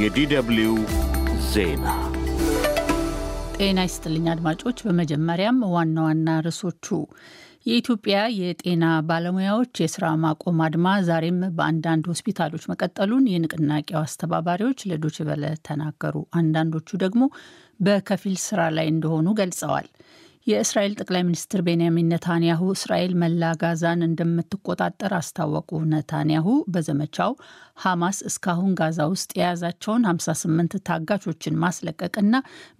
የዲደብሊው ዜና ጤና ይስጥልኝ አድማጮች። በመጀመሪያም ዋና ዋና ርዕሶቹ የኢትዮጵያ የጤና ባለሙያዎች የስራ ማቆም አድማ ዛሬም በአንዳንድ ሆስፒታሎች መቀጠሉን የንቅናቄው አስተባባሪዎች ለዶችበለ ተናገሩ። አንዳንዶቹ ደግሞ በከፊል ስራ ላይ እንደሆኑ ገልጸዋል። የእስራኤል ጠቅላይ ሚኒስትር ቤንያሚን ነታንያሁ እስራኤል መላ ጋዛን እንደምትቆጣጠር አስታወቁ። ነታንያሁ በዘመቻው ሐማስ እስካሁን ጋዛ ውስጥ የያዛቸውን 58 ታጋቾችን ማስለቀቅና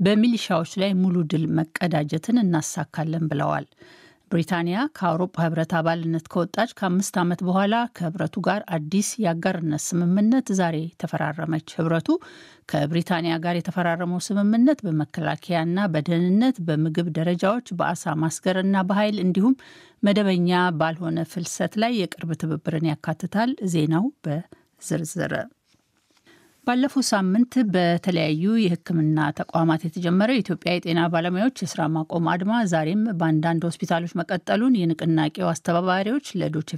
በሚሊሻዎች ላይ ሙሉ ድል መቀዳጀትን እናሳካለን ብለዋል። ብሪታንያ ከአውሮፓ ህብረት አባልነት ከወጣች ከአምስት ዓመት በኋላ ከህብረቱ ጋር አዲስ የአጋርነት ስምምነት ዛሬ ተፈራረመች። ህብረቱ ከብሪታንያ ጋር የተፈራረመው ስምምነት በመከላከያና በደህንነት፣ በምግብ ደረጃዎች፣ በአሳ ማስገርና በኃይል እንዲሁም መደበኛ ባልሆነ ፍልሰት ላይ የቅርብ ትብብርን ያካትታል። ዜናው በዝርዝር ባለፈው ሳምንት በተለያዩ የሕክምና ተቋማት የተጀመረው የኢትዮጵያ የጤና ባለሙያዎች የስራ ማቆም አድማ ዛሬም በአንዳንድ ሆስፒታሎች መቀጠሉን የንቅናቄው አስተባባሪዎች ለዶይቼ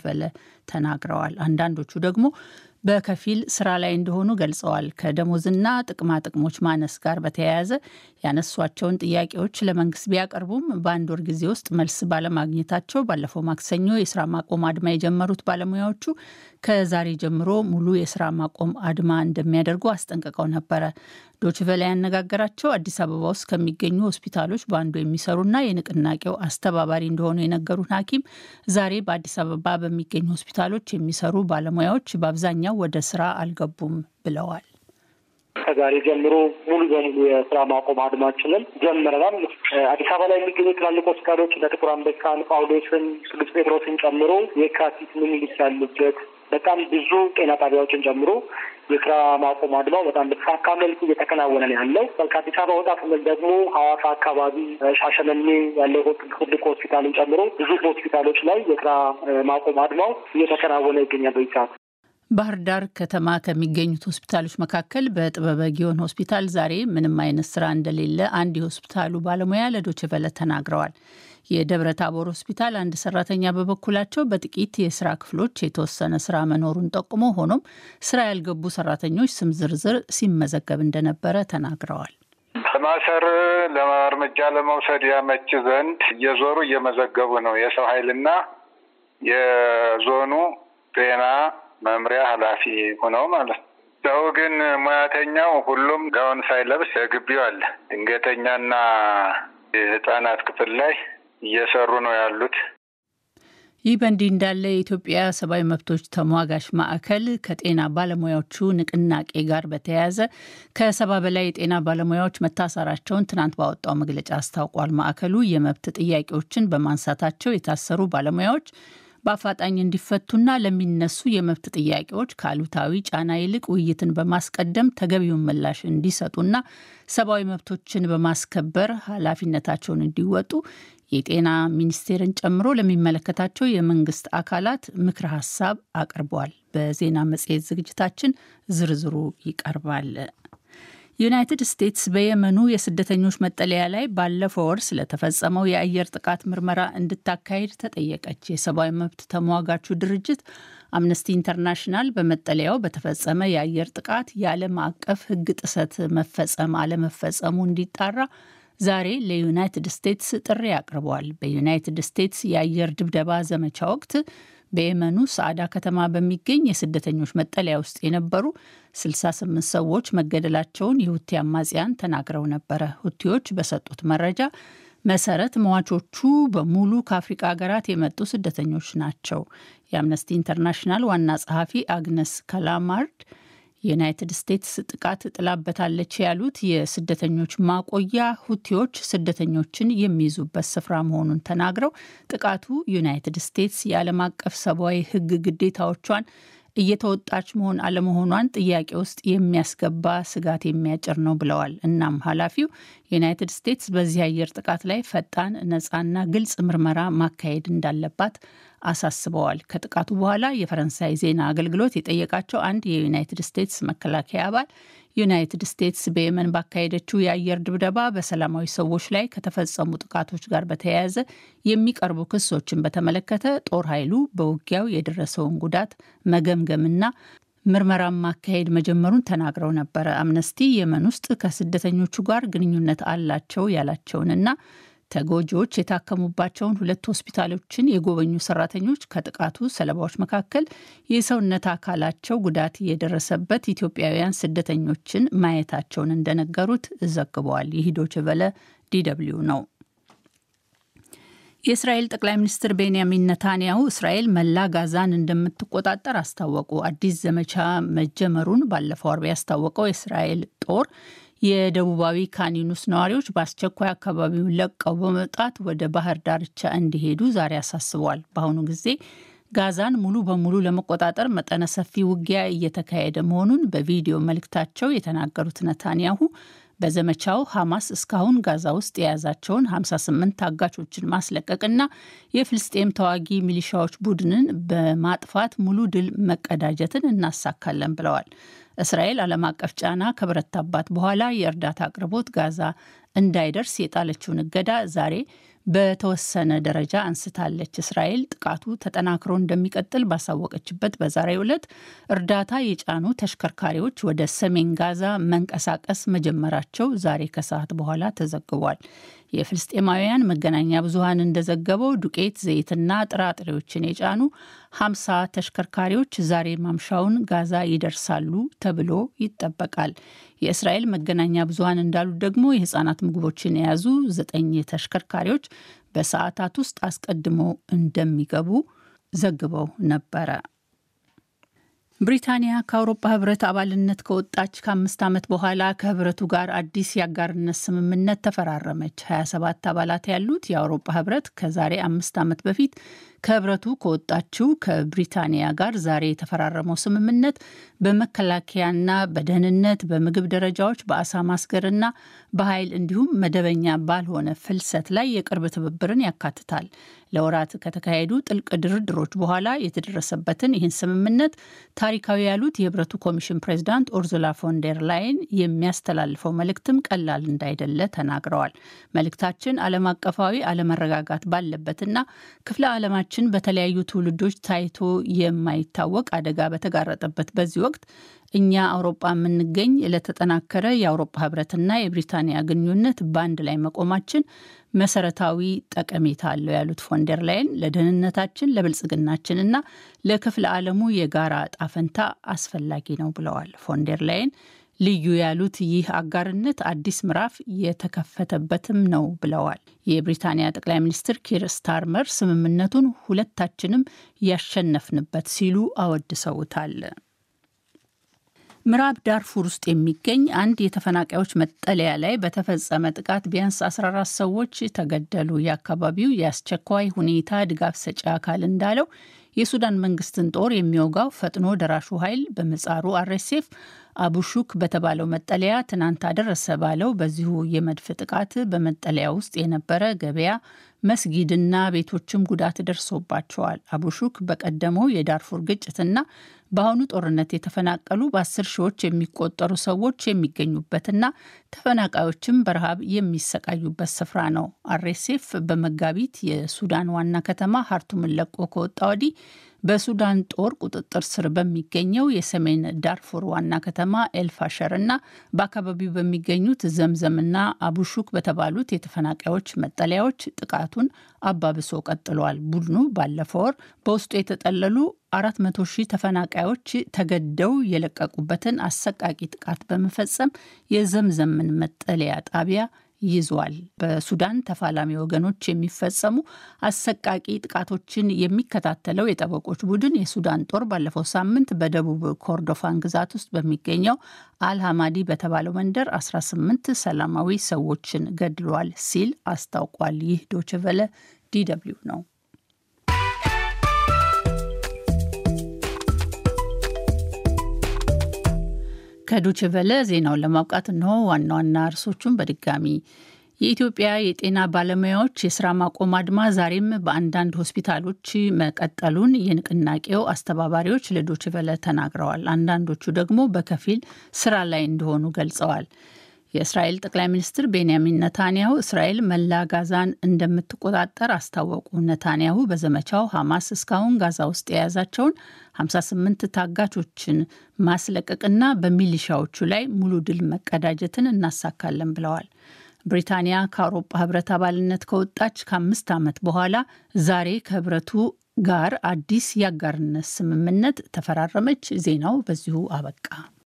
ተናግረዋል። አንዳንዶቹ ደግሞ በከፊል ስራ ላይ እንደሆኑ ገልጸዋል። ከደሞዝና ጥቅማ ጥቅሞች ማነስ ጋር በተያያዘ ያነሷቸውን ጥያቄዎች ለመንግስት ቢያቀርቡም በአንድ ወር ጊዜ ውስጥ መልስ ባለማግኘታቸው ባለፈው ማክሰኞ የስራ ማቆም አድማ የጀመሩት ባለሙያዎቹ ከዛሬ ጀምሮ ሙሉ የስራ ማቆም አድማ እንደሚያደርጉ አስጠንቅቀው ነበረ። ዶችቨላ ያነጋገራቸው አዲስ አበባ ውስጥ ከሚገኙ ሆስፒታሎች በአንዱ የሚሰሩና የንቅናቄው አስተባባሪ እንደሆኑ የነገሩን ሐኪም ዛሬ በአዲስ አበባ በሚገኙ ሆስፒታሎች የሚሰሩ ባለሙያዎች በአብዛኛው ወደ ስራ አልገቡም ብለዋል። ከዛሬ ጀምሮ ሙሉ በሙሉ የስራ ማቆም አድማችንን ጀምረናል። አዲስ አበባ ላይ የሚገኙ ትላልቅ ሆስፒታሎች እንደ ጥቁር አንበሳን፣ ጳውሎስን፣ ቅዱስ ጴጥሮስን ጨምሮ የካቲት ምኒልክ ያሉበት በጣም ብዙ ጤና ጣቢያዎችን ጨምሮ የስራ ማቆም አድማው በጣም በተሳካ መልኩ እየተከናወነ ነው ያለው። ከአዲስ አበባ ወጣ ስንል ደግሞ ሐዋሳ አካባቢ፣ ሻሸመኔ ያለው ትልቅ ሆስፒታልን ጨምሮ ብዙ ሆስፒታሎች ላይ የስራ ማቆም አድማው እየተከናወነ ይገኛል በዚህ ሰዓት። ባህር ዳር ከተማ ከሚገኙት ሆስፒታሎች መካከል በጥበበ ጊዮን ሆስፒታል ዛሬ ምንም አይነት ስራ እንደሌለ አንድ የሆስፒታሉ ባለሙያ ለዶችቨለ ተናግረዋል። የደብረ ታቦር ሆስፒታል አንድ ሰራተኛ በበኩላቸው በጥቂት የስራ ክፍሎች የተወሰነ ስራ መኖሩን ጠቁሞ ሆኖም ስራ ያልገቡ ሰራተኞች ስም ዝርዝር ሲመዘገብ እንደነበረ ተናግረዋል። ለማሰር ለእርምጃ ለመውሰድ ያመች ዘንድ እየዞሩ እየመዘገቡ ነው። የሰው ኃይልና የዞኑ ጤና መምሪያ ኃላፊ ሆነው ማለት ነው። ሰው ግን ሙያተኛው ሁሉም ጋውን ሳይለብስ ግቢው አለ። ድንገተኛና የህጻናት ክፍል ላይ እየሰሩ ነው ያሉት። ይህ በእንዲህ እንዳለ የኢትዮጵያ ሰብአዊ መብቶች ተሟጋች ማዕከል ከጤና ባለሙያዎቹ ንቅናቄ ጋር በተያያዘ ከሰባ በላይ የጤና ባለሙያዎች መታሰራቸውን ትናንት ባወጣው መግለጫ አስታውቋል። ማዕከሉ የመብት ጥያቄዎችን በማንሳታቸው የታሰሩ ባለሙያዎች በአፋጣኝ እንዲፈቱና ለሚነሱ የመብት ጥያቄዎች ከአሉታዊ ጫና ይልቅ ውይይትን በማስቀደም ተገቢውን ምላሽ እንዲሰጡና ሰብአዊ መብቶችን በማስከበር ኃላፊነታቸውን እንዲወጡ የጤና ሚኒስቴርን ጨምሮ ለሚመለከታቸው የመንግስት አካላት ምክረ ሀሳብ አቅርቧል። በዜና መጽሔት ዝግጅታችን ዝርዝሩ ይቀርባል። ዩናይትድ ስቴትስ በየመኑ የስደተኞች መጠለያ ላይ ባለፈው ወር ስለተፈጸመው የአየር ጥቃት ምርመራ እንድታካሄድ ተጠየቀች። የሰብአዊ መብት ተሟጋቹ ድርጅት አምነስቲ ኢንተርናሽናል በመጠለያው በተፈጸመ የአየር ጥቃት የዓለም አቀፍ ሕግ ጥሰት መፈጸም አለመፈጸሙ እንዲጣራ ዛሬ ለዩናይትድ ስቴትስ ጥሪ አቅርቧል። በዩናይትድ ስቴትስ የአየር ድብደባ ዘመቻ ወቅት በየመኑ ሳዕዳ ከተማ በሚገኝ የስደተኞች መጠለያ ውስጥ የነበሩ 68 ሰዎች መገደላቸውን የሁቲ አማጽያን ተናግረው ነበረ። ሁቲዎች በሰጡት መረጃ መሰረት መዋቾቹ በሙሉ ከአፍሪቃ ሀገራት የመጡ ስደተኞች ናቸው። የአምነስቲ ኢንተርናሽናል ዋና ጸሐፊ አግነስ ከላማርድ ዩናይትድ ስቴትስ ጥቃት ጥላበታለች ያሉት የስደተኞች ማቆያ ሁቲዎች ስደተኞችን የሚይዙበት ስፍራ መሆኑን ተናግረው ጥቃቱ ዩናይትድ ስቴትስ የዓለም አቀፍ ሰብአዊ ሕግ ግዴታዎቿን እየተወጣች መሆን አለመሆኗን ጥያቄ ውስጥ የሚያስገባ ስጋት የሚያጭር ነው ብለዋል። እናም ኃላፊው ዩናይትድ ስቴትስ በዚህ አየር ጥቃት ላይ ፈጣን ነፃና ግልጽ ምርመራ ማካሄድ እንዳለባት አሳስበዋል። ከጥቃቱ በኋላ የፈረንሳይ ዜና አገልግሎት የጠየቃቸው አንድ የዩናይትድ ስቴትስ መከላከያ አባል ዩናይትድ ስቴትስ በየመን ባካሄደችው የአየር ድብደባ በሰላማዊ ሰዎች ላይ ከተፈጸሙ ጥቃቶች ጋር በተያያዘ የሚቀርቡ ክሶችን በተመለከተ ጦር ኃይሉ በውጊያው የደረሰውን ጉዳት መገምገምና ምርመራ ማካሄድ መጀመሩን ተናግረው ነበረ። አምነስቲ የመን ውስጥ ከስደተኞቹ ጋር ግንኙነት አላቸው ያላቸውንና ተጎጂዎች የታከሙባቸውን ሁለት ሆስፒታሎችን የጎበኙ ሰራተኞች ከጥቃቱ ሰለባዎች መካከል የሰውነት አካላቸው ጉዳት የደረሰበት ኢትዮጵያውያን ስደተኞችን ማየታቸውን እንደነገሩት ዘግበዋል። ይህ ዶይቼ ቬለ ነው። የእስራኤል ጠቅላይ ሚኒስትር ቤንያሚን ነታንያሁ እስራኤል መላ ጋዛን እንደምትቆጣጠር አስታወቁ። አዲስ ዘመቻ መጀመሩን ባለፈው አርብ ያስታወቀው የእስራኤል ጦር የደቡባዊ ካኒኑስ ነዋሪዎች በአስቸኳይ አካባቢውን ለቀው በመውጣት ወደ ባህር ዳርቻ እንዲሄዱ ዛሬ አሳስበዋል። በአሁኑ ጊዜ ጋዛን ሙሉ በሙሉ ለመቆጣጠር መጠነ ሰፊ ውጊያ እየተካሄደ መሆኑን በቪዲዮ መልእክታቸው የተናገሩት ነታንያሁ በዘመቻው ሐማስ እስካሁን ጋዛ ውስጥ የያዛቸውን 58 ታጋቾችን ማስለቀቅና የፍልስጤም ተዋጊ ሚሊሻዎች ቡድንን በማጥፋት ሙሉ ድል መቀዳጀትን እናሳካለን ብለዋል። እስራኤል ዓለም አቀፍ ጫና ከበረታባት በኋላ የእርዳታ አቅርቦት ጋዛ እንዳይደርስ የጣለችውን እገዳ ዛሬ በተወሰነ ደረጃ አንስታለች። እስራኤል ጥቃቱ ተጠናክሮ እንደሚቀጥል ባሳወቀችበት በዛሬው ዕለት እርዳታ የጫኑ ተሽከርካሪዎች ወደ ሰሜን ጋዛ መንቀሳቀስ መጀመራቸው ዛሬ ከሰዓት በኋላ ተዘግቧል። የፍልስጤማውያን መገናኛ ብዙሀን እንደዘገበው ዱቄት፣ ዘይትና ጥራጥሬዎችን የጫኑ ሀምሳ ተሽከርካሪዎች ዛሬ ማምሻውን ጋዛ ይደርሳሉ ተብሎ ይጠበቃል። የእስራኤል መገናኛ ብዙሀን እንዳሉት ደግሞ የህፃናት ምግቦችን የያዙ ዘጠኝ ተሽከርካሪዎች በሰዓታት ውስጥ አስቀድሞ እንደሚገቡ ዘግበው ነበረ። ብሪታንያ ከአውሮፓ ህብረት አባልነት ከወጣች ከአምስት ዓመት በኋላ ከህብረቱ ጋር አዲስ የአጋርነት ስምምነት ተፈራረመች። 27 አባላት ያሉት የአውሮፓ ህብረት ከዛሬ አምስት ዓመት በፊት ከህብረቱ ከወጣችው ከብሪታንያ ጋር ዛሬ የተፈራረመው ስምምነት በመከላከያና በደህንነት በምግብ ደረጃዎች በአሳ ማስገርና በኃይል እንዲሁም መደበኛ ባልሆነ ፍልሰት ላይ የቅርብ ትብብርን ያካትታል። ለወራት ከተካሄዱ ጥልቅ ድርድሮች በኋላ የተደረሰበትን ይህን ስምምነት ታሪካዊ ያሉት የህብረቱ ኮሚሽን ፕሬዚዳንት ኦርዙላ ፎንደር ላይን የሚያስተላልፈው መልእክትም ቀላል እንዳይደለ ተናግረዋል። መልእክታችን ዓለም አቀፋዊ አለመረጋጋት ባለበትና ክፍለ ዓለማችን በሀገራችን በተለያዩ ትውልዶች ታይቶ የማይታወቅ አደጋ በተጋረጠበት በዚህ ወቅት እኛ አውሮፓ የምንገኝ ለተጠናከረ የአውሮፓ ህብረትና የብሪታንያ ግንኙነት በአንድ ላይ መቆማችን መሰረታዊ ጠቀሜታ አለው ያሉት ፎንደር ላይን ለደህንነታችን፣ ለብልጽግናችንና ለክፍለ ዓለሙ የጋራ ጣፈንታ አስፈላጊ ነው ብለዋል። ፎንደር ላይን ልዩ ያሉት ይህ አጋርነት አዲስ ምዕራፍ የተከፈተበትም ነው ብለዋል። የብሪታንያ ጠቅላይ ሚኒስትር ኪር ስታርመር ስምምነቱን ሁለታችንም ያሸነፍንበት ሲሉ አወድሰውታል። ምዕራብ ዳርፉር ውስጥ የሚገኝ አንድ የተፈናቃዮች መጠለያ ላይ በተፈጸመ ጥቃት ቢያንስ 14 ሰዎች ተገደሉ። የአካባቢው የአስቸኳይ ሁኔታ ድጋፍ ሰጪ አካል እንዳለው የሱዳን መንግስትን ጦር የሚወጋው ፈጥኖ ደራሹ ኃይል በምጻሩ አርኤስኤፍ አቡሹክ በተባለው መጠለያ ትናንት አደረሰ ባለው በዚሁ የመድፍ ጥቃት በመጠለያ ውስጥ የነበረ ገበያ፣ መስጊድና ቤቶችም ጉዳት ደርሶባቸዋል። አቡሹክ በቀደመው የዳርፉር ግጭትና በአሁኑ ጦርነት የተፈናቀሉ በአስር ሺዎች የሚቆጠሩ ሰዎች የሚገኙበትና ተፈናቃዮችም በረሃብ የሚሰቃዩበት ስፍራ ነው። አሬሴፍ በመጋቢት የሱዳን ዋና ከተማ ሀርቱምን ለቆ ከወጣ ወዲህ በሱዳን ጦር ቁጥጥር ስር በሚገኘው የሰሜን ዳርፉር ዋና ከተማ ኤልፋሸር እና በአካባቢው በሚገኙት ዘምዘምና አቡሹክ በተባሉት የተፈናቃዮች መጠለያዎች ጥቃቱን አባብሶ ቀጥሏል። ቡድኑ ባለፈው ወር በውስጡ የተጠለሉ አራት ሺህ ተፈናቃዮች ተገደው የለቀቁበትን አሰቃቂ ጥቃት በመፈጸም የዘምዘምን መጠለያ ጣቢያ ይዟል። በሱዳን ተፋላሚ ወገኖች የሚፈጸሙ አሰቃቂ ጥቃቶችን የሚከታተለው የጠበቆች ቡድን የሱዳን ጦር ባለፈው ሳምንት በደቡብ ኮርዶፋን ግዛት ውስጥ በሚገኘው አልሃማዲ በተባለው መንደር 18 ሰላማዊ ሰዎችን ገድሏል ሲል አስታውቋል። ይህ ዶችቨለ ዲደብሊው ነው። ከዶችቨለ ዜናውን ለማብቃት እንሆ ዋና ዋና እርሶቹም በድጋሚ የኢትዮጵያ የጤና ባለሙያዎች የስራ ማቆም አድማ ዛሬም በአንዳንድ ሆስፒታሎች መቀጠሉን የንቅናቄው አስተባባሪዎች ለዶችቨለ ተናግረዋል። አንዳንዶቹ ደግሞ በከፊል ስራ ላይ እንደሆኑ ገልጸዋል። የእስራኤል ጠቅላይ ሚኒስትር ቤንያሚን ነታንያሁ እስራኤል መላ ጋዛን እንደምትቆጣጠር አስታወቁ። ነታንያሁ በዘመቻው ሐማስ እስካሁን ጋዛ ውስጥ የያዛቸውን 58 ታጋቾችን ማስለቀቅና በሚሊሻዎቹ ላይ ሙሉ ድል መቀዳጀትን እናሳካለን ብለዋል። ብሪታንያ ከአውሮፓ ህብረት አባልነት ከወጣች ከአምስት ዓመት በኋላ ዛሬ ከህብረቱ ጋር አዲስ የአጋርነት ስምምነት ተፈራረመች። ዜናው በዚሁ አበቃ።